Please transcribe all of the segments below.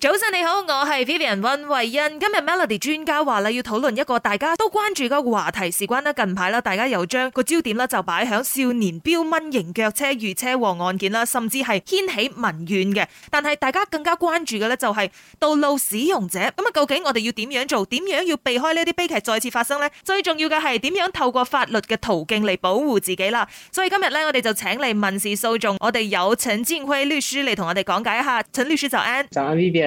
早晨你好，我係 Vivian 溫慧欣。今日 Melody 專家話啦，要討論一個大家都關注嘅話題，事關咧近排啦，大家又將個焦點啦就擺響少年飆蚊型腳車遇車禍案件啦，甚至係掀起民怨嘅。但係大家更加關注嘅咧就係道路使用者，咁啊究竟我哋要點樣做，點樣要避開呢啲悲劇再次發生呢？最重要嘅係點樣透過法律嘅途徑嚟保護自己啦。所以今日呢，我哋就請嚟民事訴訟，我哋有請陳建輝律師嚟同我哋講解一下。陳律師早安。早安。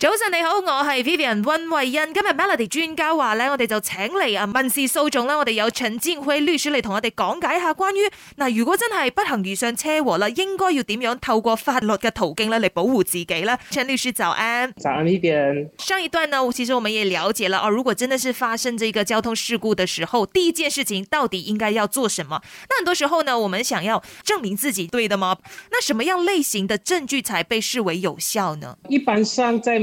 早晨你好，我係 Vivian 溫慧欣。今日 Melody 專家話咧，我哋就請嚟啊民事訴訟啦。我哋有陳建輝律師嚟同我哋講解下關於嗱，如果真係不幸遇上車禍啦，應該要點樣透過法律嘅途徑咧嚟保護自己咧？陳律師早安。就上一段呢，其實我們也了解了哦、啊。如果真的是發生這一個交通事故的時候，第一件事情到底應該要做什麼？那很多時候呢，我們想要證明自己對的嘛？那什麼樣類型的證據才被視為有效呢？一般上在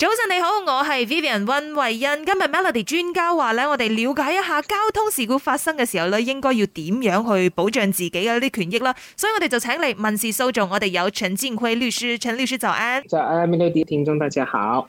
早晨你好，我係 Vivian 溫慧欣。今日 Melody 專家話咧，我哋了解一下交通事故發生嘅時候咧，應該要點樣去保障自己嘅啲權益啦。所以我哋就請嚟，民事訴訟，我哋有陳占輝律師，陳律師就安。早安，Melody 聽眾大家好。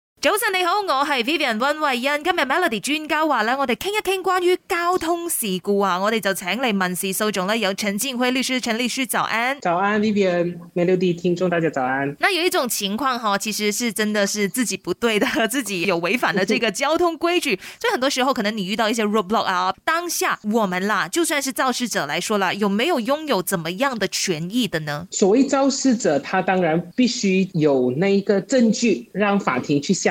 早晨你好，我係 Vivian 溫慧欣。今日 Melody 專家話、啊、咧，我哋傾一傾關於交通事故啊，我哋就請嚟民事訴訟咧，由陳志輝律師，陳律師早安。早安，Vivian，Melody 聽眾大家早安。那有一種情況哈，其實是真的是自己不對的，自己有違反了這個交通規矩。所以很多時候可能你遇到一些 roadblock 啊，當下我們啦，就算是肇事者來說啦，有沒有擁有怎麼樣的權益的呢？所謂肇事者，他當然必須有那個證據，讓法庭去下。